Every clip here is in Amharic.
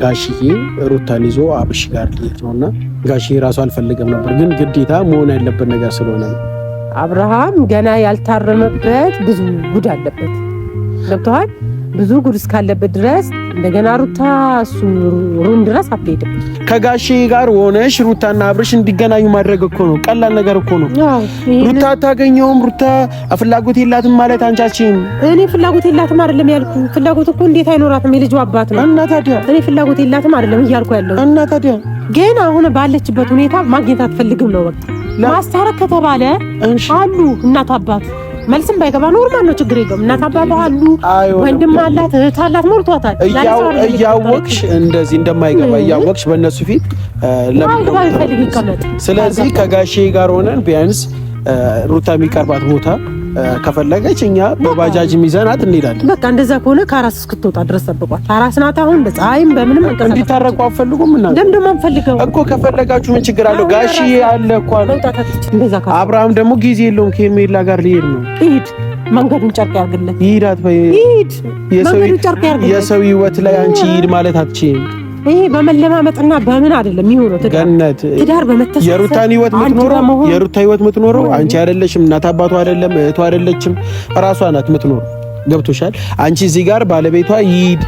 ጋሽዬ ሩታን ይዞ አብርሽ ጋር ሊሄድ ነው እና ጋሽዬ ራሱ አልፈልገም ነበር፣ ግን ግዴታ መሆን ያለበት ነገር ስለሆነ ነው። አብርሃም ገና ያልታረመበት ብዙ ጉድ አለበት። ገብተዋል ብዙ ጉድ እስካለበት ድረስ እንደገና ሩታ እሱ ሩም ድረስ አትሄድም። ከጋሼ ጋር ሆነሽ ሩታና አብርሽ እንዲገናኙ ማድረግ እኮ ነው። ቀላል ነገር እኮ ነው። ሩታ አታገኘውም። ሩታ ፍላጎት የላትም ማለት አንቻችም። እኔ ፍላጎት የላትም አይደለም ያልኩ። ፍላጎት እኮ እንዴት አይኖራትም? የልጁ አባት ነው እና ታዲያ እኔ ፍላጎት የላትም አይደለም እያልኩ ያለው እና ታዲያ ግን አሁን ባለችበት ሁኔታ ማግኘት አትፈልግም ነው በቃ። ማስታረቅ ከተባለ አሉ እናት አባት መልስም ባይገባ ኖርማል ነው፣ ችግር የለውም። እናት አባባ አሉ፣ ወንድም አላት፣ እህት አላት፣ ሞልቷታል። እያወቅሽ እንደዚህ እንደማይገባ እያወቅሽ በእነሱ ፊት ስለዚህ ከጋሼ ጋር ሆነን ቢያንስ ሩታ የሚቀርባት ቦታ ከፈለገች እኛ በባጃጅ ሚዘናት እንሄዳለን። በቃ እንደዛ ከሆነ ከአራስ እስክትወጣ ድረስ ጠብቋት። አራስ ናት አሁን በፀሐይም በምንም እንዲታረቁ አፈልጉም እና ደም ደግሞ አንፈልገው እኮ ከፈለጋችሁ ምን ችግር አለው? ጋሺ አለ እኮ አብርሃም ደግሞ ጊዜ የለውም ከሄሜላ ጋር ሊሄድ ነው። ይሄድ መንገዱን ጨርቅ ያርግለት። ይሄዳት የሰው ህይወት ላይ አንቺ ይሄድ ማለት አትችይም። ይሄ በመለማመጥና በምን አይደለም የሚሆነው። ገነት ትዳር በመተሳሰብ የሩታን ህይወት የምትኖረው የሩታ ህይወት የምትኖረው አንቺ አይደለሽም፣ እናት አባቷ አይደለም፣ እህቷ አይደለችም፣ ራሷ ናት የምትኖረው። ገብቶሻል። አንቺ እዚህ ጋር ባለቤቷ ይሂድ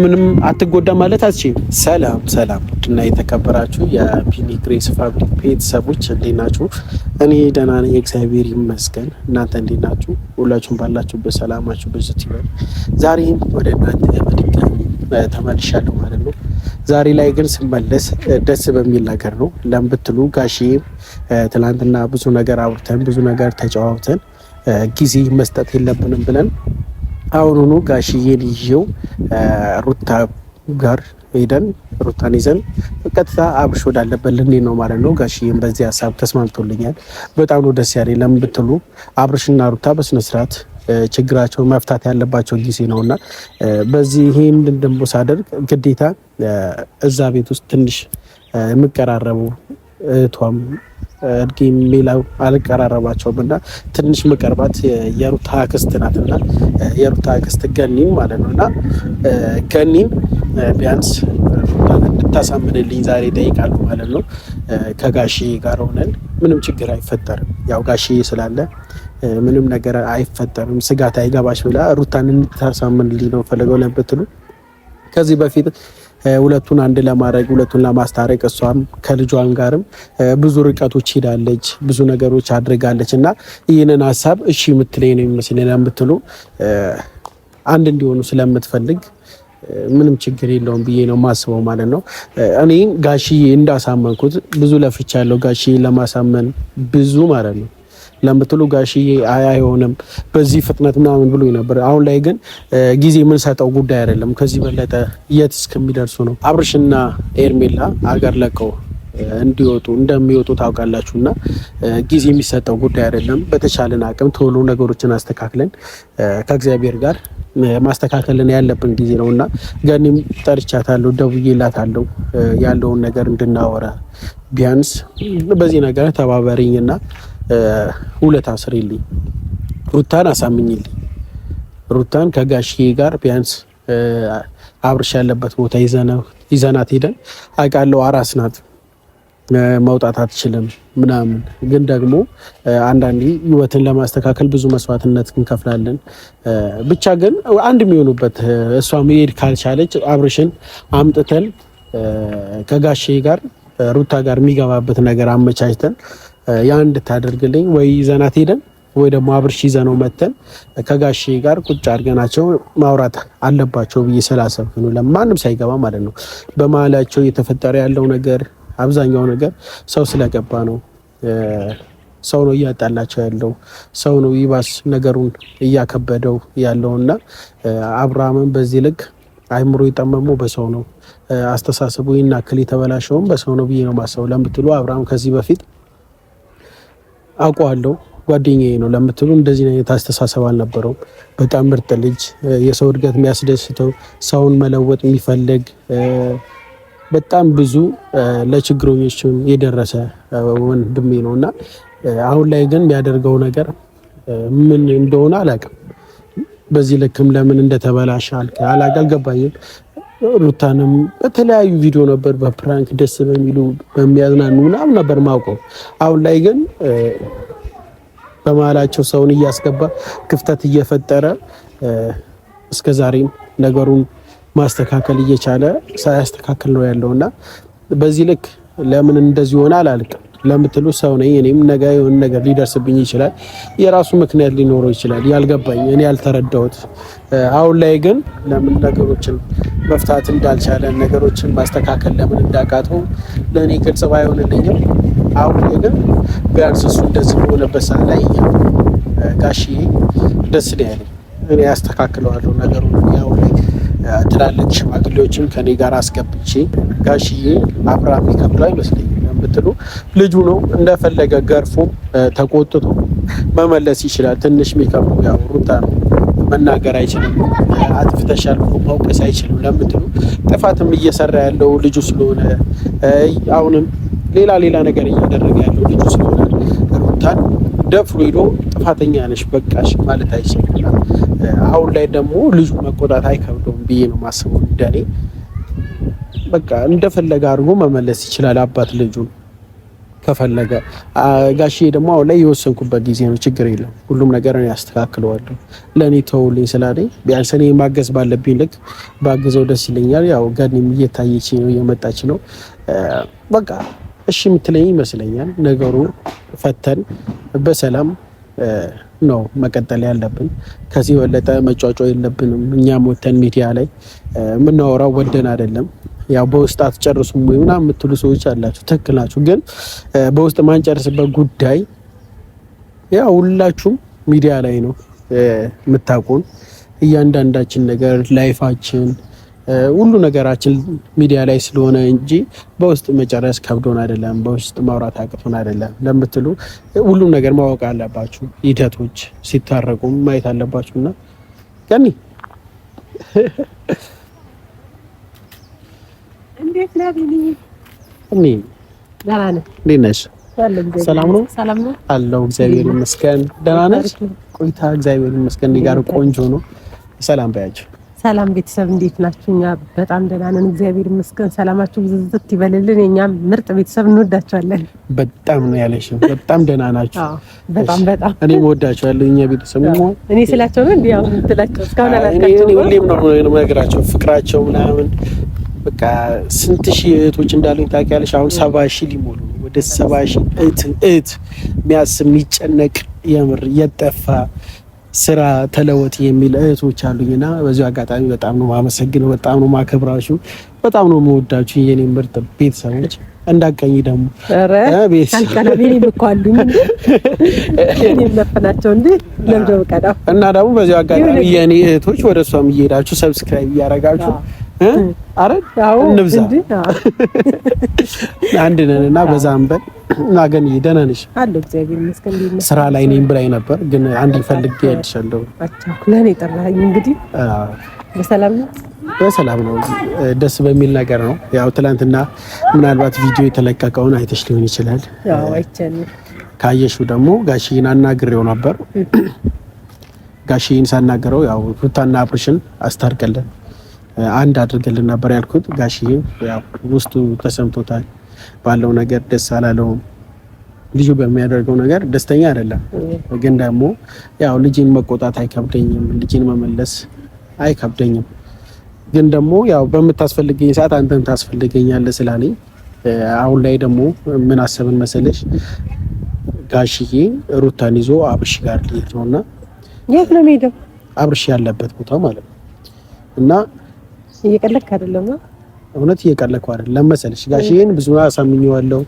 ምንም አትጎዳ ማለት አትችይም። ሰላም ሰላም፣ እና የተከበራችሁ የፒኒ ግሬስ ፋብሪክ ቤተሰቦች እንዴት ናችሁ? እኔ ደህና ነኝ፣ እግዚአብሔር ይመስገን። እናንተ እንዴት ናችሁ? ሁላችሁም ባላችሁበት ሰላማችሁ ብዙት ይበል። ዛሬም ወደ እናንተ በድጋሚ ተመልሻለሁ ማለት ነው። ዛሬ ላይ ግን ስመለስ ደስ በሚል ነገር ነው። ለምን ብትሉ ጋሼም ትላንትና ብዙ ነገር አውርተን ብዙ ነገር ተጫዋውተን ጊዜ መስጠት የለብንም ብለን አሁኑኑ ጋሽዬን ይዤው ሩታ ጋር ሄደን ሩታን ይዘን በቀጥታ አብርሽ ወዳለበት ልኔ ነው ማለት ነው። ጋሽዬም በዚህ ሀሳብ ተስማምቶልኛል። በጣም ነው ደስ ያለኝ። ለምን ብትሉ አብርሽና ሩታ በስነስርዓት ችግራቸውን መፍታት ያለባቸው ጊዜ ነው እና በዚህ ይህን ደግሞ ሳደርግ ግዴታ እዛ ቤት ውስጥ ትንሽ የምቀራረቡ እህቷም እድጌም ሌላው አልቀራረባቸውም እና ትንሽ መቀርባት የሩታ ክስት ናት እና የሩታ ክስት ገኒም ማለት ነው እና ገኒም ቢያንስ እንድታሳምንልኝ ዛሬ ጠይቃሉ ማለት ነው። ከጋሼ ጋር ሆነን ምንም ችግር አይፈጠርም። ያው ጋሼ ስላለ ምንም ነገር አይፈጠርም፣ ስጋት አይገባሽ ብላ ሩታን እንድታሳምንልኝ ነው ፈለገው ለምትሉ ከዚህ በፊት ሁለቱን አንድ ለማድረግ ሁለቱን ለማስታረቅ እሷም ከልጇን ጋርም ብዙ ርቀቶች ሄዳለች፣ ብዙ ነገሮች አድርጋለች እና ይህንን ሀሳብ እሺ የምትለኝ ነው የሚመስለኝ ለምትሉ አንድ እንዲሆኑ ስለምትፈልግ ምንም ችግር የለውም ብዬ ነው ማስበው ማለት ነው። እኔ ጋሽዬ እንዳሳመንኩት ብዙ ለፍቻ ያለው ጋሽዬ ለማሳመን ብዙ ማለት ነው ለምትሉ ጋሽዬ አይ አይሆንም በዚህ ፍጥነት ምናምን ብሎ ነበር። አሁን ላይ ግን ጊዜ የምንሰጠው ጉዳይ አይደለም። ከዚህ በለጠ የት እስከሚደርሱ ነው። አብርሽና ኤርሜላ አገር ለቀው እንዲወጡ እንደሚወጡ ታውቃላችሁ። እና ጊዜ የሚሰጠው ጉዳይ አይደለም። በተቻለን አቅም ቶሎ ነገሮችን አስተካክለን ከእግዚአብሔር ጋር ማስተካከልን ያለብን ጊዜ ነው እና ገኒም ጠርቻታለሁ፣ ደውዬላታለሁ ያለውን ነገር እንድናወራ ቢያንስ በዚህ ነገር ተባበሪኝ እና ውለታ ስሪልኝ፣ ሩታን አሳምኝልኝ፣ ሩታን ከጋሽዬ ጋር ቢያንስ አብርሽ ያለበት ቦታ ይዘናት ሄደን አውቃለሁ፣ አራስ ናት መውጣት አትችልም ምናምን፣ ግን ደግሞ አንዳንዴ ህይወትን ለማስተካከል ብዙ መስዋዕትነት እንከፍላለን። ብቻ ግን አንድ የሚሆኑበት እሷ መሄድ ካልቻለች አብርሽን አምጥተን ከጋሼ ጋር ሩታ ጋር የሚገባበት ነገር አመቻችተን ያ እንድታደርግልኝ ወይ ይዘናት ሄደን ወይ ደግሞ አብርሽ ይዘነው መተን ከጋሼ ጋር ቁጭ አድርገናቸው ማውራት አለባቸው ብዬ ስላሰብኩ ነው። ለማንም ሳይገባ ማለት ነው። በመሀላቸው እየተፈጠረ ያለው ነገር አብዛኛው ነገር ሰው ስለገባ ነው። ሰው ነው እያጣላቸው ያለው ሰው ነው ይባስ ነገሩን እያከበደው ያለው እና አብርሃምን በዚህ ልክ አይምሮ የጠመሙ በሰው ነው አስተሳሰቡ ይናክል የተበላሸውም በሰው ነው ብዬ ነው ማሰቡ ለምትሉ አብርሃም ከዚህ በፊት አውቀዋለሁ ጓደኛዬ ነው ለምትሉ እንደዚህ አይነት አስተሳሰብ አልነበረውም። በጣም ምርጥ ልጅ፣ የሰው እድገት የሚያስደስተው፣ ሰውን መለወጥ የሚፈልግ በጣም ብዙ ለችግረኞችም የደረሰ ወንድሜ ነው እና አሁን ላይ ግን የሚያደርገው ነገር ምን እንደሆነ አላውቅም። በዚህ ልክም ለምን እንደተበላሸ አልገባኝም። ሩታንም በተለያዩ ቪዲዮ ነበር በፕራንክ ደስ በሚሉ በሚያዝናኑ ምናምን ነበር ማውቀው። አሁን ላይ ግን በመሀላቸው ሰውን እያስገባ ክፍተት እየፈጠረ እስከ ዛሬም ነገሩን ማስተካከል እየቻለ ሳያስተካከል ነው ያለውና በዚህ ልክ ለምን እንደዚህ ሆነ አላልቅም። ለምትሉ ሰው ነኝ። እኔም ነገ የሆነ ነገር ሊደርስብኝ ይችላል። የራሱ ምክንያት ሊኖረው ይችላል። ያልገባኝ እኔ ያልተረዳሁት። አሁን ላይ ግን ለምን ነገሮችን መፍታት እንዳልቻለ ነገሮችን ማስተካከል ለምን እንዳቃተው ለእኔ ግልጽ ባይሆንልኝም አሁን ላይ ግን ቢያንስ እሱ እንደዚህ በሆነበት ሰዓት ላይ ጋሽዬ ደስ ነው ያለኝ። እኔ ያስተካክለዋለሁ ነገሩ ያው ትላልቅ ሽማግሌዎችም ከኔ ጋር አስገብቼ ጋሽዬ አብራ የሚከብለው አይመስለኝም። ብትሉ ልጁ ነው እንደፈለገ ገርፎ ተቆጥቶ መመለስ ይችላል። ትንሽ የሚከብዱ ያው ሩታ ነው መናገር አይችልም። አጥፍተሻል መውቀስ አይችልም ለምትሉ ጥፋትም እየሰራ ያለው ልጁ ስለሆነ አሁንም ሌላ ሌላ ነገር እያደረገ ያለው ልጁ ስለሆነ ሩታን ደፍሮ ሄዶ ጥፋተኛ ነሽ በቃሽ ማለት አይችልም። አሁን ላይ ደግሞ ልጁ መቆጣት አይከብደውም ብዬ ነው ማስበው። እንደኔ በቃ እንደፈለገ አድርጎ መመለስ ይችላል አባት ልጁን ከፈለገ ጋሼ ደግሞ አሁን ላይ የወሰንኩበት ጊዜ ነው። ችግር የለም ሁሉም ነገር ነው ያስተካክለዋለሁ። ለእኔ ተውልኝ ስላለኝ ቢያንስ እኔ ማገዝ ባለብኝ ልክ ባግዘው ደስ ይለኛል። ያው ገኒም እየታየች ነው እየመጣች ነው። በቃ እሺ የምትለኝ ይመስለኛል። ነገሩ ፈተን በሰላም ነው መቀጠል ያለብን። ከዚህ በለጠ መጫጫ የለብንም። እኛም ወተን ሚዲያ ላይ የምናወራው ወደን አይደለም። ያው በውስጥ አትጨርሱም ወይ ምናምን የምትሉ ሰዎች አላችሁ። ትክክል ናችሁ። ግን በውስጥ ማንጨርስበት ጉዳይ ያው ሁላችሁም ሚዲያ ላይ ነው የምታውቁን። እያንዳንዳችን ነገር ላይፋችን፣ ሁሉ ነገራችን ሚዲያ ላይ ስለሆነ እንጂ በውስጥ መጨረስ ከብዶን አይደለም፣ በውስጥ ማውራት አቅቶን አይደለም ለምትሉ ሁሉም ነገር ማወቅ አለባችሁ። ሂደቶች ሲታረቁም ማየት አለባችሁና ቀኒ እንዴት ነህ ቢኒ? ደህና ነህ? እንዴት ነሽ? ሰላም ነው አለው። እግዚአብሔር ይመስገን። ደህና ነሽ? ቆይታ እግዚአብሔር ይመስገን እኔ ጋር ቆንጆ ነው። ሰላም በያቸው። ሰላም ቤተሰብ እንዴት ናችሁ? እኛ በጣም ደህና ነን፣ እግዚአብሔር ይመስገን። ሰላማችሁ ብዝዝት ይበልልን። የእኛም ምርጥ ቤተሰብ እንወዳቸዋለን። በጣም ነው ያለሽ። በጣም ደህና ናችሁ። በጣም በጣም እኔ እወዳቸዋለሁ። እኛ ቤተሰብ እኔ ስላቸው ነው እንዴ አሁን እስካሁን አላልካቸው። ሁሌም ነው የምነግራቸው ፍቅራቸው ምናምን በቃ ስንት ሺህ እህቶች እንዳሉኝ ታውቂያለሽ? አሁን ሰባ ሺህ ሊሞሉ ወደ ሰባ ሺህ እህት እህት የሚያስብ የሚጨነቅ የምር የጠፋ ስራ ተለወጥ የሚል እህቶች አሉኝና በዚሁ አጋጣሚ በጣም ነው ማመሰግነው። በጣም ነው ማከብራችሁ። በጣም ነው መወዳችሁ የኔ ምርጥ ቤተሰቦች። እንዳቀኝ ደግሞ እና ደግሞ በዚሁ አጋጣሚ የኔ እህቶች ወደ እሷም እየሄዳችሁ ሰብስክራይብ እያረጋችሁ አንድ ነን እና እና ግን ደህና ነሽ? አለሁ እግዚአብሔር ይመስገን። ስራ ላይ ነኝ ብላኝ ነበር፣ ግን አንድ ያድሻለሁ። ለእኔ ጠራኸኝ እንግዲህ። በሰላም ነው በሰላም ነው። ደስ በሚል ነገር ነው። ያው ምናልባት ቪዲዮ የተለቀቀውን አይተሽ ሊሆን ይችላል። ካየሽው ደግሞ ጋሽዬን አናግሬው ነበር። ሳናገረው ያው ሩታና አብርሽን አስታርቀለን አንድ አድርገልን ነበር ያልኩት። ጋሽዬ ውስጡ ተሰምቶታል። ባለው ነገር ደስ አላለውም። ልጁ በሚያደርገው ነገር ደስተኛ አይደለም። ግን ደግሞ ያው ልጅን መቆጣት አይከብደኝም፣ ልጅን መመለስ አይከብደኝም። ግን ደግሞ ያው በምታስፈልገኝ ሰዓት አንተን ታስፈልገኛለህ ስላለኝ አሁን ላይ ደግሞ ምን አሰብን መሰለሽ ጋሽዬ ሩታን ይዞ አብርሽ ጋር ልሄድ ነውና የት ነው የሚሄደው? አብርሽ ያለበት ቦታ ማለት ነው እና እየቀለክ አይደለም። እውነት እየቀለኩ አይደለም። ለመሰልሽ ጋሼን ብዙ አሳምኜዋለሁ።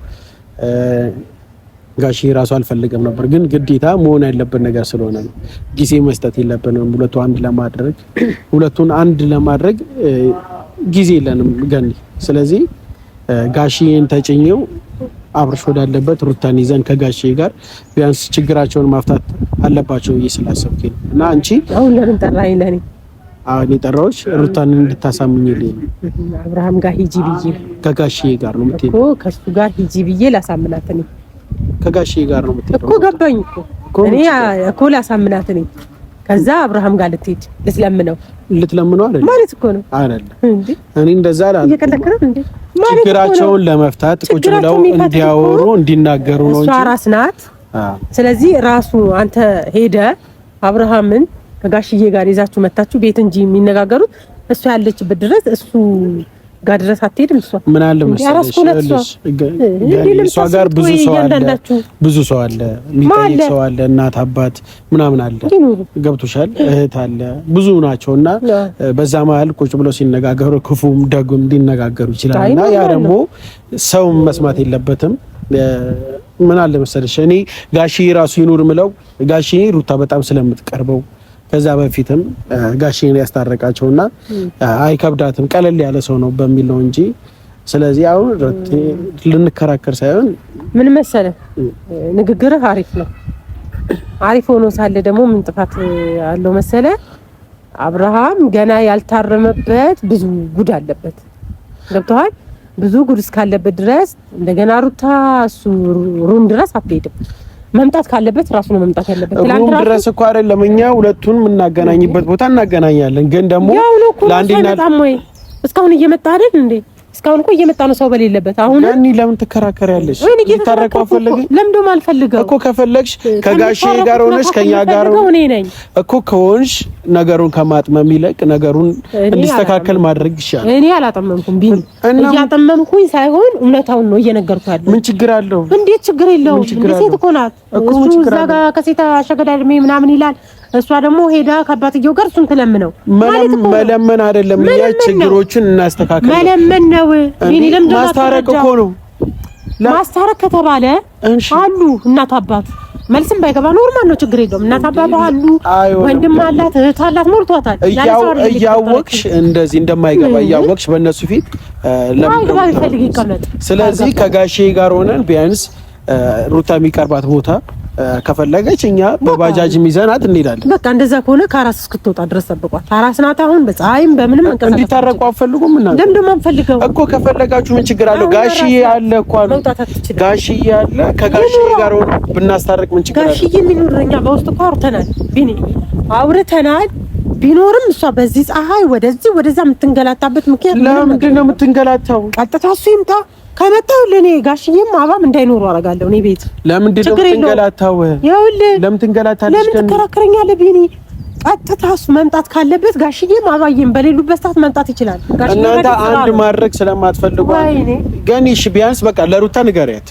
ጋሼ ራሱ አልፈልገም ነበር፣ ግን ግዴታ መሆን ያለብን ነገር ስለሆነ ነው። ጊዜ መስጠት የለብንም። ሁለቱ አንድ ለማድረግ ሁለቱን አንድ ለማድረግ ጊዜ የለንም ገኒ። ስለዚህ ጋሼን ተጭኘው አብርሽ ወዳለበት ሩታን ይዘን ከጋሼ ጋር ቢያንስ ችግራቸውን ማፍታት አለባቸው ብዬ ስላሰብኩኝ እና አንቺ አሁን ለምን ጠራኸኝ ለእኔ አሁን የጠራሁሽ ሩታን እንድታሳምኝልኝ አብርሃም ጋር ሂጂ ብዬ ከጋሼ ጋር ነው የምትሄድ እኮ ከሱ ጋር ሂጂ ብዬ ላሳምናት ነኝ። ከጋሼ ጋር ነው የምትሄድ እኮ ገባኝ እኮ እኔ እኮ ላሳምናት ነኝ። ከዛ አብርሃም ጋር ልትሄድ ልትለምነው ልትለምነው አይደል ማለት እኮ ነው አይደል እኔ እንደዛ አላ እየከለከለ እንዴ ችግራቸውን ለመፍታት ቁጭ ብለው እንዲያወሩ እንዲናገሩ ነው እንጂ እሷ ራስ ናት። ስለዚህ ራሱ አንተ ሄደ አብርሃምን ከጋሽዬ ጋር ይዛችሁ መታችሁ ቤት እንጂ የሚነጋገሩት እሷ ያለችበት ድረስ እሱ ጋር ድረስ አትሄድም። እሷ ምን አለ መሰለሽ እሷ ጋር ብዙ ሰው አለ፣ ብዙ ሰው አለ፣ የሚጠይቅ ሰው አለ፣ እናት አባት ምናምን አለ። ገብቶሻል? እህት አለ፣ ብዙ ናቸውና በዛ መሀል ቁጭ ብለው ሲነጋገሩ ክፉም ደጉም ሊነጋገሩ ይችላልና ያ ደግሞ ሰው መስማት የለበትም። ምን አለ መሰለሽ እኔ ጋሺ ራሱ ይኑር ምለው ጋሺ ሩታ በጣም ስለምትቀርበው ከዛ በፊትም ጋሽን ያስታረቃቸውና አይከብዳትም ቀለል ያለ ሰው ነው በሚል ነው እንጂ ስለዚህ አሁን ልንከራከር ሳይሆን ምን መሰለ ንግግርህ አሪፍ ነው። አሪፍ ሆኖ ሳለ ደግሞ ምን ጥፋት አለው መሰለ አብርሃም ገና ያልታረመበት ብዙ ጉድ አለበት። ገብተዋል። ብዙ ጉድ እስካለበት ድረስ እንደገና ሩታ እሱ ሩም ድረስ አትሄድም። መምጣት ካለበት ራሱ ነው መምጣት ያለበት። ትላንት ድረስ እኮ አይደለም እኛ ሁለቱን የምናገናኝበት ቦታ እናገናኛለን፣ ግን ደግሞ ላንዴና እስካሁን እየመጣ አይደል እንዴ እስካሁን እኮ እየመጣ ነው ሰው በሌለበት። አሁን ያኒ ለምን ትከራከሪያለሽ? ልታረቁ አልፈለግም። ለምን ደግሞ አልፈልገው እኮ ከፈለግሽ ከጋሼ ጋር ሆነሽ ከኛ ጋር እኔ ነኝ እኮ ከሆንሽ ነገሩን ከማጥመም ይለቅ ነገሩን እንዲስተካከል ማድረግ ይሻላል። እኔ አላጠመምኩም ቢኒ፣ እያጠመምኩኝ ሳይሆን እውነታውን ነው እየነገርኩ ያለው። ምን ችግር አለው? እንዴት ችግር የለውም። ሴት እኮ ናት እሱ እዛ ጋር ከሴት አሸገዳ ምናምን ይላል እሷ ደግሞ ሄዳ ከአባትየው ጋር እሱን ትለምነው። መለመን አይደለም እያ ችግሮችን እናስተካከል መለመን ነው። ማስታረቅ እኮ ነው። ማስታረቅ ከተባለ አሉ እናት አባት መልስም ባይገባ ኖርማል ነው፣ ችግር የለውም። እናት አባት አሉ፣ ወንድም አላት፣ እህት አላት፣ ሞልቷታል። እያወቅሽ እንደዚህ እንደማይገባ እያወቅሽ በእነሱ ፊት ለምን? ስለዚህ ከጋሼ ጋር ሆነን ቢያንስ ሩታ የሚቀርባት ቦታ ከፈለገች እኛ በባጃጅ ሚዘናት እንሄዳለን። በቃ እንደዛ ከሆነ ከአራስ እስክትወጣ ድረስ ጠብቋት። አራስ ናት አሁን በፀሐይም በምንም መንቀሳቀስ እንዲታረቁ አፈልጉም እና ደም ደም አንፈልገው እኮ ከፈለጋችሁ ምን ችግር አለው? ጋሽዬ አለ እኮ አሉ። ጋሽዬ አለ። ከጋሽዬ ጋር ሆኖ ብናስታርቅ ምን ችግር አለው? ጋሽዬ የሚኖር እኛ በውስጥ እኮ አውርተናል፣ ቢኒ አውርተናል። ቢኖርም እሷ በዚህ ፀሐይ ወደዚህ ወደዛ የምትንገላታበት ምክንያት ለምንድን ነው የምትንገላታው? ቀጥታ እሱ ይምጣ ከመጣው ለኔ ጋሽዬም አባም እንዳይኖሩ አደርጋለሁ። እኔ ቤት ለምን ነው የምትንገላታው? ይኸውልህ ለምን ትንገላታለሽ? ለምን ትከራከረኛለህ? ቢኒ ቀጥታ እሱ መምጣት ካለበት ጋሽዬም አባዬም በሌሉበት ሰዓት መምጣት ይችላል። እናንተ አንድ ማድረግ ስለማትፈልጉ ግን እሺ፣ ቢያንስ በቃ ለሩታ ንገሪያት።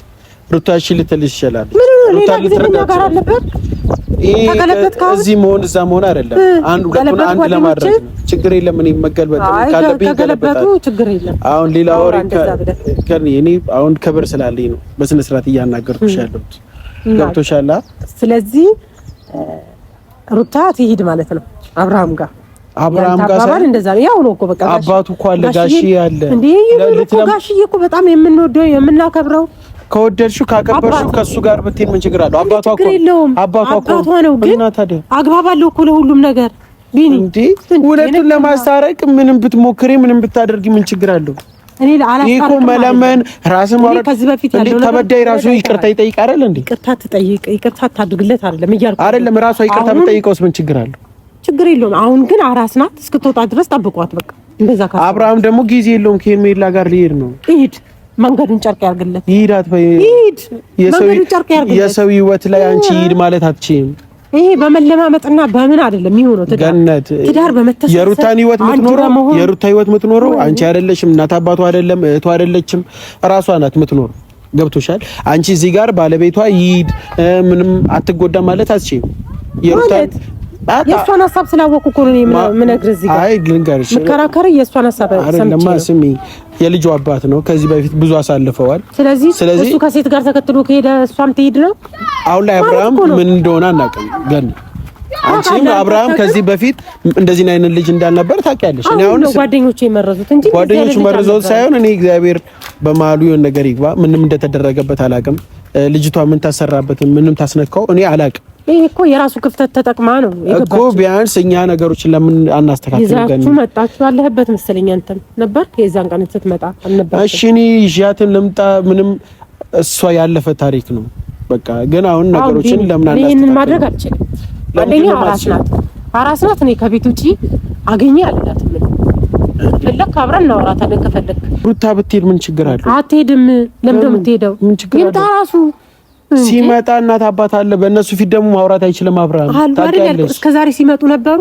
ሩታ እሺ ልትልሽ ይችላል። ምን ነው ሩታ ልትረዳ እዚህ መሆን እዛ መሆን አይደለም። አንድ ሁለቱን አንድ ለማድረግ ችግር የለም። እኔ መገልበጥ ካለብኝ ገለበጣለሁ። ችግር የለም። አሁን ሌላ ወሬ ከኔ እኔ አሁን ክብር ስላለኝ ነው በስነ ስርዓት እያናገርኩሽ ያለሁት። ገብቶሻል? ስለዚህ ሩታ ትሂድ ማለት ነው አብርሃም ጋር አብርሃም ጋር ሳይሆን እንደዛ ነው። ያው ነው እኮ በቃ አባቱ እኮ አለ ጋሽዬ አለ እንዴ። ይሄ እኮ ጋሽዬ እኮ በጣም የምንወደው የምናከብረው ከወደድሽው ካከበርሽው ከሱ ጋር ብትሄድ ምን ችግር አለው? አባቷ እኮ አባቷ እኮ ነው። ግን አግባባለሁ እኮ ለሁሉም ነገር ቢኒ። ሁለቱን ለማስታረቅ ምንም ብትሞክሪ ምንም ብታደርጊ ምን ችግር አለው? እኔ ይሄ መለመን ራስን ማለት ከዚህ በፊት ያለው ተበዳይ ራሱ ይቅርታ ይጠይቅ አይደል እንዴ? ይቅርታ ትጠይቅ ይቅርታ ታድርግለት አይደለም እያልኩ አይደለም። ራሷ ይቅርታ ብትጠይቀውስ ምን ችግር አለው? ችግር የለውም። አሁን ግን አራስ ናት፣ እስክትወጣ ድረስ ጠብቋት። በቃ እንደዛ። አብርሃም ደግሞ ጊዜ የለውም ከሄሜላ ጋር ሊሄድ ነው። ይሄድ መንገዱን ጨርቅ ያርግለት። ይሄዳት ወይ ይሄድ። የሰው ህይወት ላይ አንቺ ይሄድ ማለት አትችይም። ይሄ በመለማመጥና በምን አይደለም የሚሆነው። ገነት ትዳር በመተሳሰብ የሩታን ህይወት የምትኖረው የሩታ ህይወት የምትኖረው አንቺ አይደለሽም፣ እናት አባቱ አይደለም፣ እህቱ አይደለችም፣ ራሷ ናት የምትኖረው። ገብቶሻል? አንቺ እዚህ ጋር ባለቤቷ ይሄድ ምንም አትጎዳ ማለት አትችይም። የሩታን የእሷን ሀሳብ ስላወኩ እኮ ነው የምነግርህ። እዚህ ጋር አይ ልንገርሽ፣ የምከራከር የእሷን ሀሳብ ሰምቼ አይደለም። ስሚ የልጁ አባት ነው። ከዚህ በፊት ብዙ አሳልፈዋል። ስለዚህ ስለዚህ እሱ ከሴት ጋር ተከትሎ ከሄደ እሷም ትሄድ ነው። አሁን ላይ አብርሃም ምን እንደሆነ አናውቅም ገን አንቺም አብርሃም ከዚህ በፊት እንደዚህ አይነት ልጅ እንዳልነበር ታውቂያለሽ። እኔ አሁን ጓደኞቹ የመረዙት እንጂ ጓደኞቹ መረዙት ሳይሆን እኔ እግዚአብሔር በመሀሉ የሆነ ነገር ይግባ። ምንም እንደተደረገበት አላውቅም። ልጅቷ ምን ታሰራበት ምንም ታስነካው እኔ አላውቅም። ይህ እኮ የራሱ ክፍተት ተጠቅማ ነው እኮ። ቢያንስ እኛ ነገሮችን ለምን አናስተካክል? ይዛችሁ መጣችሁ አለህበት መሰለኝ። አንተም ነበር የዛን ቀን ስትመጣ አልነበረ? እሺ እኔ ይዣትን ልምጣ ምንም፣ እሷ ያለፈ ታሪክ ነው በቃ። ግን አሁን ነገሮችን ለምን አናስተካክል? ይሄንን ማድረግ አልችልም። አንደኛ አራስ ናት፣ አራስ ናት። እኔ ከቤት ውጪ አገኘ አላት ፈለክ አብረን እናወራታለን። ከፈለክ ሩታ ብትሄድ ምን ችግር አለ? አትሄድም። ለምን ነው የምትሄደው? ምን ችግር አለ? አለው? ሲመጣ እናት አባት አለ። በእነሱ ፊት ደግሞ ማውራት አይችልም። አብርሃም ታውቂያለሽ፣ እስከዛሬ ሲመጡ ነበሩ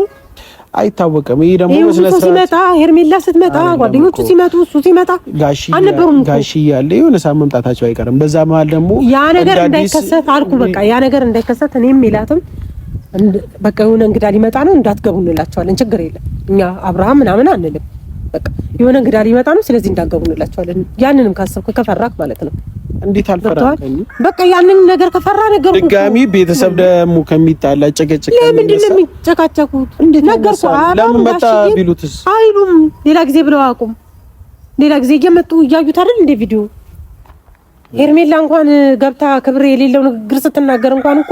አይታወቅም። ይሄ ደግሞ በስነስርዓት ሲመጣ ሄርሜላ ስትመጣ ጓደኞቹ ሲመጡ እሱ ሲመጣ ጋሺ ጋሺ ያለ የሆነ ሰዓት መምጣታቸው አይቀርም። በዛ መሀል ደግሞ ያ ነገር እንዳይከሰት አልኩ። በቃ ያ ነገር እንዳይከሰት እኔም ሜላትም በቃ የሆነ እንግዳ ሊመጣ ነው እንዳትገቡ እንላቸዋለን። ችግር የለም እኛ አብርሃም ምናምን አንልም። በቃ የሆነ እንግዳ ሊመጣ ነው ስለዚህ እንዳትገቡ እንላቸዋለን። ያንንም ካሰብክ ከፈራክ ማለት ነው እንዴት አልፈራከኝ? በቃ ያንን ነገር ከፈራ ነገር ድጋሚ ቤተሰብ ደግሞ ከሚጣላ ጨቀጨቀ። ለምንድን ነው የሚጨቃጨቁት? ለምን መጣ ቢሉትስ አይሉም። ሌላ ጊዜ ብለው አቁም። ሌላ ጊዜ እየመጡ እያዩት አይደል እንደ ቪዲዮ ሄርሜላ እንኳን ገብታ ክብር የሌለው ንግግር ስትናገር እንኳን እኮ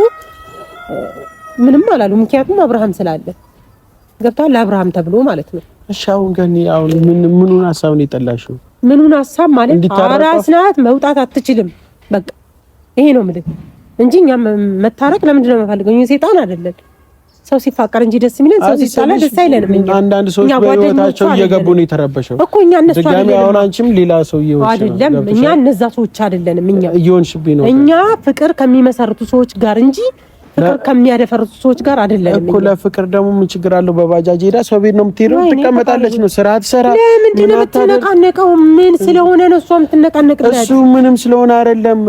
ምንም አላሉ። ምክንያቱም አብርሃም ስላለ ገብታ ለአብርሃም ተብሎ ማለት ነው። እሺ አሁን ገኒ፣ አሁን ምን ምኑን ሀሳብ ነው የጠላሽው? ምኑን ሀሳብ ማለት አራስ ናት፣ መውጣት አትችልም። በቃ ይሄ ነው የምልህ እንጂ እኛ መታረቅ ለምንድን ነው የምፈልገው? እኛ ሴጣን አይደለን። ሰው ሲፋቀር እንጂ ደስ የሚለን ሰው ሲጣላ ደስ አይለንም። እኛ አንዳንድ ሰዎች በህይወታቸው እየገቡ ነው የተረበሸው እኮ እኛ እነሱ አይደለንም። አሁን አንቺም ሌላ ሰው እየሆንሽ አይደለም። እኛ እነዛ ሰዎች አይደለንም። እኛ እየሆንሽብኝ ነው። እኛ ፍቅር ከሚመሰርቱ ሰዎች ጋር እንጂ ፍቅር ከሚያደፈርሱ ሰዎች ጋር አይደለም እኮ። ለፍቅር ደግሞ ምን ችግር አለው? በባጃጅ ሄዳ ሰው ቤት ነው የምትሄደው፣ ትቀመጣለች፣ ነው ስራ ትሰራ። ለምንድን ነው የምትነቃነቀው? ምን ስለሆነ ነው እሷ የምትነቃነቀው? እሱ ምንም ስለሆነ አይደለም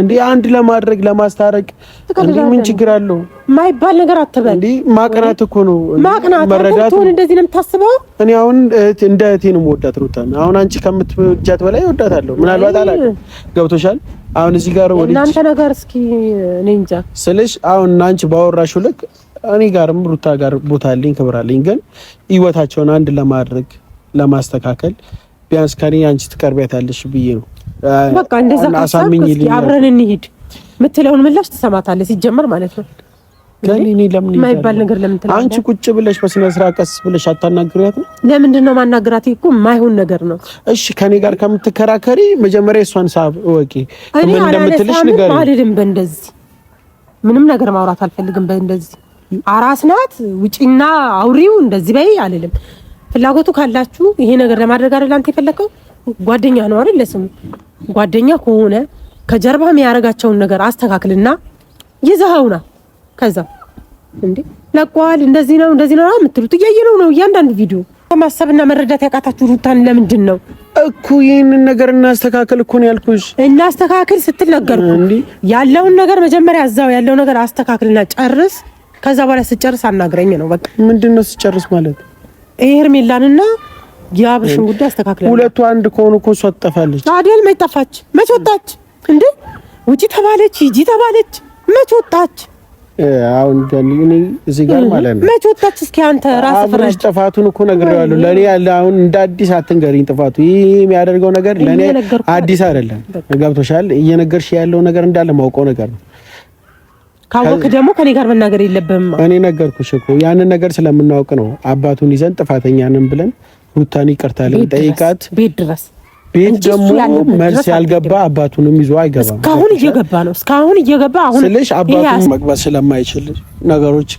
እንዴ አንድ ለማድረግ ለማስታረቅ እንዴ ምን ችግር አለው? ማይባል ነገር አትበል። እንዴ ማቅናት እኮ ነው ማቅናት። መረዳት ነው እንደዚህ ነው የምታስበው። እኔ አሁን እንደ እህቴ ነው የምወዳት ሩታን። አሁን አንቺ ከምትወጃት በላይ እወዳታለሁ። ምናልባት አላውቅም። ገብቶሻል አሁን እዚህ ጋር ወዲህ እናንተ ነገር እስኪ እኔ እንጃ ስልሽ አሁን እናንቺ ባወራሽው ልክ እኔ ጋርም ሩታ ጋር ቦታ አለኝ ክብር አለኝ። ግን ህይወታቸውን አንድ ለማድረግ ለማስተካከል ቢያንስ ከኔ አንቺ ትቀርቢያታለሽ ብዬ ነው። በቃ እንደዛ ካሳምኝልኝ አብረን እንሂድ የምትለውን ምላሽ ትሰማታለህ ሲጀመር ማለት ነው ለምን የማይባል ነገር ለምን ትላለህ? አንቺ ቁጭ ብለሽ በስነ ስርዓት ቀስ ብለሽ አታናግሪያት? ነው? ለምንድን ነው ማናግራት? እኮ የማይሆን ነገር ነው። እሺ ከኔ ጋር ከምትከራከሪ መጀመሪያ እሷን ሳብ እወቂ። ምን እንደምትልሽ ንገሪኝ። አልሄድም በእንደዚህ ምንም ነገር ማውራት አልፈልግም። በእንደዚህ አራስ ናት ውጪና አውሪው እንደዚህ በይ አልልም። ፍላጎቱ ካላችሁ ይሄ ነገር ለማድረግ አይደል አንተ የፈለከው ጓደኛ ነው አይደል? ለስሙ ጓደኛ ከሆነ ከጀርባ የሚያደርጋቸውን ነገር አስተካክልና ይዘኸውና ከዛ እንዴ ለቋል እንደዚህ ነው እንደዚህ ነው የምትሉት እያየነው ነው። እያንዳንዱ ቪዲዮ ማሰብና መረዳት ያቃታችሁ ሩታን ለምንድን ነው እኮ ይህንን ነገር እናስተካክል እኮ ነው ያልኩሽ። እናስተካክል ስትል ነገርኩ። ያለውን ነገር መጀመሪያ እዛው ያለው ነገር አስተካክልና ጨርስ። ከዛ በኋላ ስጨርስ አናግረኝ ነው በቃ። ምንድን ነው ስጨርስ ማለት? ይሄ ሄርሜላንና የአብርሽን ጉዳይ አስተካክለ ሁለቱ አንድ ከሆኑ እኮ እሷ ትጠፋለች አይደል? መች ጠፋች? መች ወጣች እንዴ? ውጪ ተባለች፣ ሂጂ ተባለች፣ መች ወጣች? አሁን እኔ እዚህ ጋር ማለት ነው መቼ ወጣች? እስኪ አንተ ራስህ ፍረድ። ጥፋቱን እኮ ነግሬዋለሁ። ለኔ ያለ አሁን እንደ አዲስ አትንገሪኝ። ጥፋቱ ይህ የሚያደርገው ነገር ለኔ አዲስ አይደለም። ገብቶሻል? እየነገርሽ ያለው ነገር እንዳለ ማውቀው ነገር ነው። ካወቅህ ደግሞ ከኔ ጋር መናገር የለብህም። እኔ ነገርኩሽ እኮ ያንን ነገር ስለምናውቅ ነው። አባቱን ይዘን ጥፋተኛንን ብለን ሩታን ይቅርታ ልንጠይቃት ቤት ድረስ ቤት ደግሞ መልስ ያልገባ አባቱንም ይዞ አይገባም። እስካሁን እየገባ ነው። እስካሁን እየገባ አሁን ስልሽ አባቱን መግባት ስለማይችል ነገሮች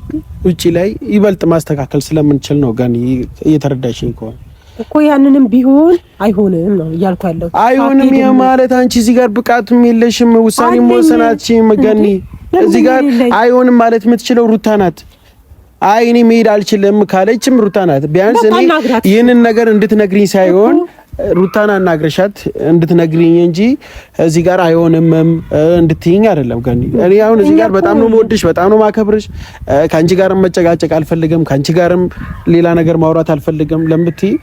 ውጪ ላይ ይበልጥ ማስተካከል ስለምንችል ነው። ገን እየተረዳሽኝ ከሆነ እኮ ያንንም ቢሆን አይሆንም ነው እያልኩ ያለው። አይሆንም የማለት አንቺ እዚህ ጋር ብቃቱም የለሽም፣ ውሳኔ መወሰናችም። ገኒ እዚህ ጋር አይሆንም ማለት የምትችለው ሩታ ናት። አይ እኔ መሄድ አልችልም ካለችም ሩታ ናት። ቢያንስ እኔ ይህንን ነገር እንድትነግሪኝ ሳይሆን ሩታን አናግረሻት እንድትነግሪኝ እንጂ እዚህ ጋር አይሆንምም እንድትይኝ አይደለም። እኔ አሁን እዚህ ጋር በጣም ነው የምወድሽ፣ በጣም ነው የማከብርሽ። ከአንቺ ጋርም መጨቃጨቅ አልፈልግም፣ ከአንቺ ጋርም ሌላ ነገር ማውራት አልፈልግም ለምትይ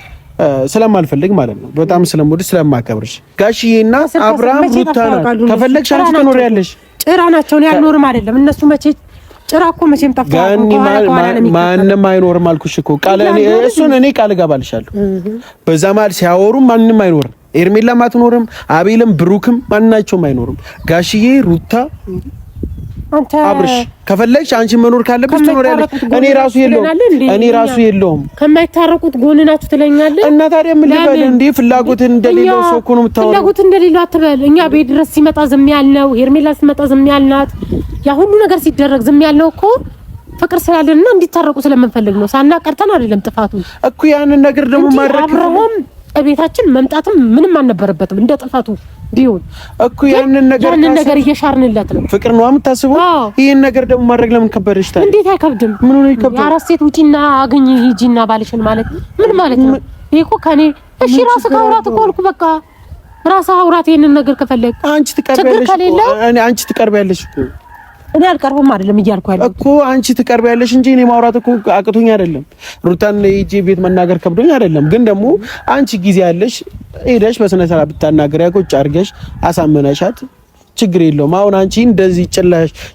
ስለማልፈልግ ማለት ነው። በጣም ስለምወድሽ ስለማከብርሽ። ጋሽዬና አብርሃም ሩታ ናት። ከፈለግሽ አንቺ ትኖሪያለሽ። ጭራ ናቸው። እኔ አልኖርም አይደለም እነሱ መቼ ጭራ እኮ መቼም ጠፋ። ማንም አይኖርም አልኩሽ እኮ ቃል እሱን እኔ ቃል እገባልሻለሁ። በዛ መሀል ሲያወሩም ማንም አይኖርም። ኤርሜላም አትኖርም፣ አቤልም ብሩክም ማናቸውም አይኖርም። ጋሽዬ ሩታ አብርሽ ከፈለግሽ አንቺ መኖር ካለብሽ ትኖሪያለሽ። እኔ ራሱ የለውም እኔ ራሱ የለውም ከማይታረቁት ጎን ናችሁ ትለኛለህ እና ታዲያ ምን ልበል እንዴ? ፍላጎት እንደሌለው ሰው እኮ ነው የምታወራው። ፍላጎት እንደሌለው አትበል። እኛ ቤት ድረስ ሲመጣ ዝም ያልነው ሄርሜላ ሲመጣ ዝም ያልናት፣ ያ ሁሉ ነገር ሲደረግ ዝም ያልነው እኮ ፍቅር ስላለንና እንዲታረቁ ስለምንፈልግ ነው። ሳናቀርተን አይደለም ጥፋቱ እኮ ያንን ነገር ደግሞ ማድረግ አብረውም ቤታችን መምጣትም ምንም አልነበረበትም እንደ ጥፋቱ ቢሆን እኮ ያንን ነገር ያንን ነገር እየሻርንለት ነው። ፍቅር ነው የምታስበው። ይሄን ነገር ደግሞ ማድረግ ለምን ከበደሽ ታዲያ? እንዴት አይከብድም? ምን ነው ይከብድ? አራት ሴት ውጪና አገኝ ሂጂና ባልሽን ማለት ምን ማለት ነው? ይሄ እኮ ከኔ እሺ፣ ራስህ ካውራት ኮልኩ በቃ ራስህ አውራት ይሄንን ነገር ከፈለግ አንቺ ትቀርቢያለሽ። አንቺ ትቀርቢያለሽ እኮ እኔ አልቀርብም አይደለም እያልኩ ያለው እኮ አንቺ ትቀርቢያለሽ እንጂ እኔ ማውራት እኮ አቅቶኝ አይደለም። ሩታን ሂጅ ቤት መናገር ከብዶኝ አይደለም። ግን ደግሞ አንቺ ጊዜ ያለሽ ሄደሽ በስነ ስርዓት ብታናገር ቁጭ አድርገሽ አሳምነሻት ችግር የለውም። አሁን አንቺ እንደዚህ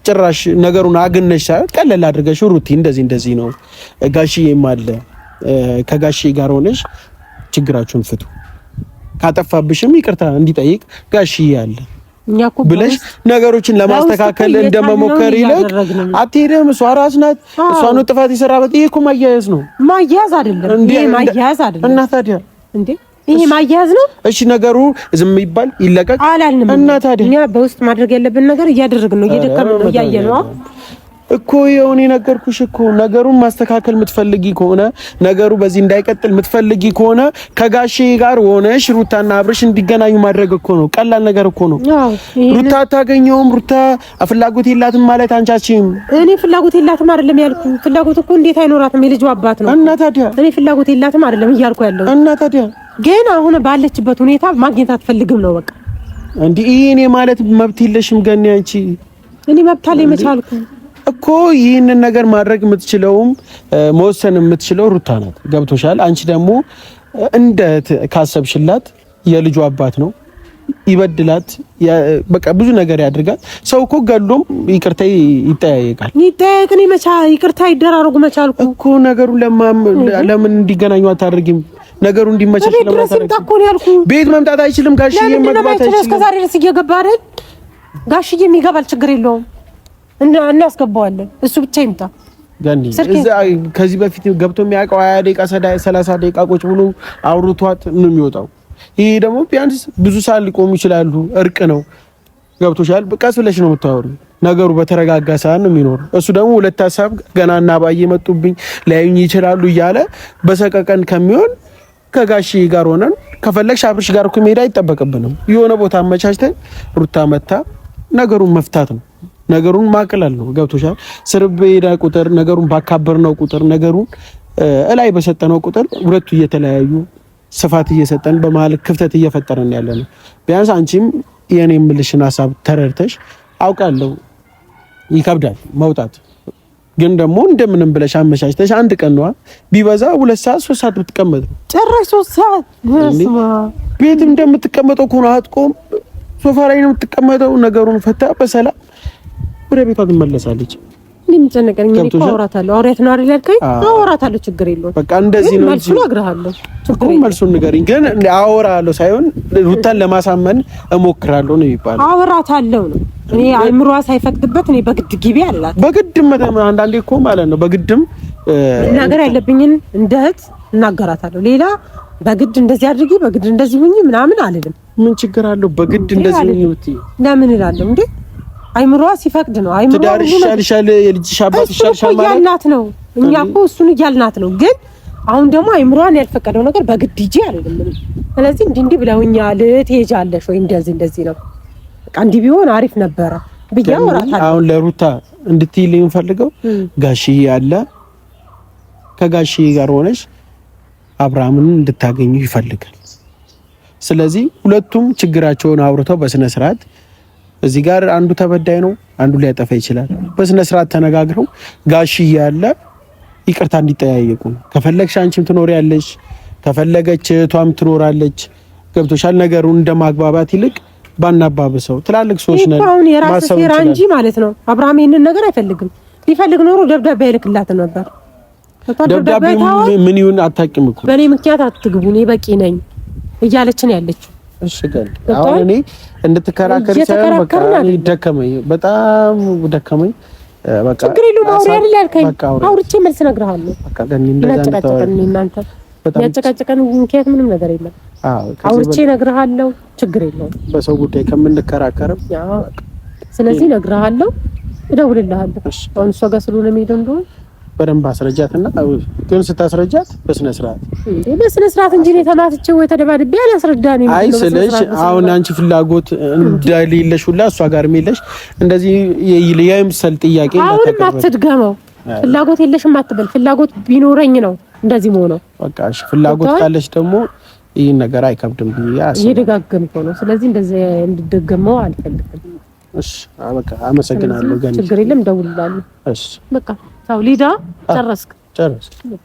ጭራሽ ነገሩን አግነሽ ቀለል አድርገሽ ሩቲ እንደዚህ እንደዚህ ነው ጋሽዬም አለ ከጋሼ ጋር ሆነሽ ችግራችሁን ፍቱ፣ ካጠፋብሽም ይቅርታ እንዲጠይቅ ጋሽዬ አለ ብለሽ ነገሮችን ለማስተካከል እንደመሞከር ይልቅ አትሄድም። እሷ ራስ ናት፣ እሷ ነው ጥፋት የሰራበት። ይሄ እኮ ማያያዝ ነው። ማያያዝ አይደለም። ይሄ ማያያዝ አይደለም። እና ታዲያ እንዴ ይሄ ማያያዝ ነው። እሺ ነገሩ ዝም ይባል ይለቀቅ አላልንም። እና ታዲያ እኛ በውስጥ ማድረግ ያለብን ነገር እያደረግን ነው፣ እየደከመ ነው፣ እያየ ነው እኮ የሆነ ነገርኩሽ እኮ ነገሩን ማስተካከል የምትፈልጊ ከሆነ ነገሩ በዚህ እንዳይቀጥል የምትፈልጊ ከሆነ ከጋሼ ጋር ሆነሽ ሩታና አብርሽ እንዲገናኙ ማድረግ እኮ ነው። ቀላል ነገር እኮ ነው። ሩታ አታገኘውም። ሩታ ፍላጎት የላትም ማለት አንቻችም። እኔ ፍላጎት የላትም አይደለም ያልኩ። ፍላጎት እኮ እንዴት አይኖራትም? የልጁ አባት ነው እና ታዲያ እኔ ፍላጎት የላትም አይደለም እያልኩ ያለው እና ታዲያ ግን አሁን ባለችበት ሁኔታ ማግኘት አትፈልግም ነው በቃ። እንዲህ ይሄ እኔ ማለት መብት የለሽም ገኒ አንቺ። እኔ መብት አለኝ መቻልኩ እኮ ይህንን ነገር ማድረግ የምትችለውም መወሰን የምትችለው ሩታ ናት። ገብቶሻል። አንቺ ደግሞ እንደ ካሰብሽላት የልጁ አባት ነው ይበድላት፣ በቃ ብዙ ነገር ያድርጋል። ሰው እኮ ገሎም ይቅርታ ይጠያየቃል። ይጠያየቅ ይቅርታ ይደራረጉ መቻል እኮ ነገሩን ለምን እንዲገናኙ አታደርጊም? ነገሩ እንዲመቻች ቤት መምጣት አይችልም። ጋሽዬ መግባት አይችልም። እስከዛሬ ድረስ እየገባ አይደል? ጋሽዬ የሚገባል ችግር የለውም እናስገባዋለን። እሱ ብቻ ይምጣ። ከዚህ በፊት ገብቶ የሚያውቀው ሀያ ደቂቃ ሰላሳ ደቂቃ ቁጭ ብሎ አውርቷት ነው የሚወጣው። ይሄ ደግሞ ቢያንስ ብዙ ሰዓት ሊቆሙ ይችላሉ። እርቅ ነው። ገብቶሻል። ቀስ ብለሽ ነው የምታወሩ። ነገሩ በተረጋጋ ሰዓት ነው የሚኖር። እሱ ደግሞ ሁለት ሀሳብ ገና እና ባዬ መጡብኝ ሊያዩኝ ይችላሉ እያለ በሰቀቀን ከሚሆን ከጋሽ ጋር ሆነን ከፈለግሽ አብርሽ ጋር እኮ መሄድ አይጠበቅብንም። የሆነ ቦታ አመቻችተን ሩታ መታ ነገሩን መፍታት ነው። ነገሩን ማቅለል ነው። ገብቶሻል? ስር በሄዳ ቁጥር ነገሩን ባካበርነው ቁጥር ነገሩን እላይ በሰጠነው ቁጥር ሁለቱ እየተለያዩ ስፋት እየሰጠን በመሀል ክፍተት እየፈጠረን ያለ ነው። ቢያንስ አንቺም የኔ የምልሽን ሀሳብ ተረድተሽ አውቃለሁ፣ ይከብዳል መውጣት ግን ደግሞ እንደምንም ብለሽ አመቻችተሽ አንድ ቀን ነዋ ቢበዛ ሁለት ሰዓት ሶስት ሰዓት ብትቀመጥ ጭራሽ ሶስት ሰዓት ቤትም እንደምትቀመጠው ከሆነ አጥቆም ሶፋ ላይ ነው የምትቀመጠው። ነገሩን ፈታ በሰላም ወደ ቤቷ ትመለሳለች። አወራታለሁ። ሳይሆን ሩታን ለማሳመን እሞክራለሁ ነው የሚባለው። አወራታለሁ ነው እኔ ሳይፈቅድበት እኔ በግድ ግቢ አላት። በግድም አንዳንዴ እኮ ማለት ነው በግድም መናገር ያለብኝን እንደ እህት እናገራታለሁ። ሌላ በግድ እንደዚህ አድርጊ፣ በግድ እንደዚህ ሁኚ ምናምን አልልም። ምን ችግር አለው? በግድ እንደዚህ ሁኚ ለምን እላለሁ እንዴ አይምሯ ሲፈቅድ ነው። አይምሮ ትዳር ይሻልሻል፣ የልጅሽ አባት ይሻልሻል ያልናት ነው። እኛ እኮ እሱን እያልናት ነው። ግን አሁን ደግሞ አይምሯን ያልፈቀደው ነገር በግድ ሂጂ አይደለም። ስለዚህ እንዲህ እንዲህ ብለውኛል፣ ትሄጃለሽ ወይ እንደዚህ እንደዚህ ነው በቃ እንዲህ ቢሆን አሪፍ ነበረ ብያ ወራታለሁ። አሁን ለሩታ እንድትይልኝ የምፈልገው ጋሽዬ አለ። ከጋሽዬ ጋር ሆነሽ አብርሃምን እንድታገኙ ይፈልጋል። ስለዚህ ሁለቱም ችግራቸውን አውርተው በስነ ስርዓት እዚህ ጋር አንዱ ተበዳይ ነው፣ አንዱ ሊያጠፋ ይችላል። በስነ ስርዓት ተነጋግረው ጋሽ እያለ ይቅርታ እንዲጠያየቁ ነው። ከፈለግሽ አንቺም ትኖሪያለሽ፣ ከፈለገች እህቷም ትኖራለች። ገብቶሻል? ነገሩን እንደ ማግባባት ይልቅ ባናባብሰው ትላልቅ ሰዎች ነን። አሁን የራስ ሴራ እንጂ ማለት ነው። አብርሃም ይህንን ነገር አይፈልግም። ሊፈልግ ኖሮ ደብዳቤ አይልክላት ነበር። ደብዳቤ ምን ይሁን አታውቂም እኮ በእኔ ምክንያት አትግቡ፣ እኔ በቂ ነኝ እያለችን ያለችው እሺ፣ ግን አሁን እኔ እንድትከራከር ይቻላል። ደከመኝ፣ በጣም ደከመኝ። በቃ ችግር የለውም አውሪ አይደል ያልከኝ፣ አውርቼ መልስ እነግርሃለሁ። በቃ ገኒ እናንተ ያጨቃጨቀን ምክንያት ምንም ነገር የለም። አውርቼ እነግርሃለሁ፣ ችግር የለውም። በሰው ጉዳይ ከምንከራከርም ስለዚህ እነግርሃለሁ፣ እደውልልሃለሁ። አሁን እሷ ጋር ስለሆነ እንደሆነ በደንብ አስረጃት እና ግን ስታስረጃት በስነ ስርዓት በስነ ስርዓት እንጂ ነው ተናትቸው ወይ ተደባድቤ አላስረዳኝ። አይ ስለሽ አሁን አንቺ ፍላጎት እንደሌለሽ ሁላ እሷ ጋር የለሽ እንደዚህ የምሰል ጥያቄ አሁን አትድገመው። ፍላጎት የለሽም አትበል። ፍላጎት ቢኖረኝ ነው እንደዚህ መሆነው። በቃ እሺ፣ ፍላጎት ካለሽ ደግሞ ይህን ነገር አይከብድም ብዬ እየደጋገምኩ ነው። ስለዚህ እንደዚህ እንድደገመው አልፈልግም። እሺ፣ በቃ አመሰግናለሁ። ገና ችግር የለም፣ እደውልልሃለሁ። እሺ፣ በቃ توليدة؟ آه. ترسك ترسك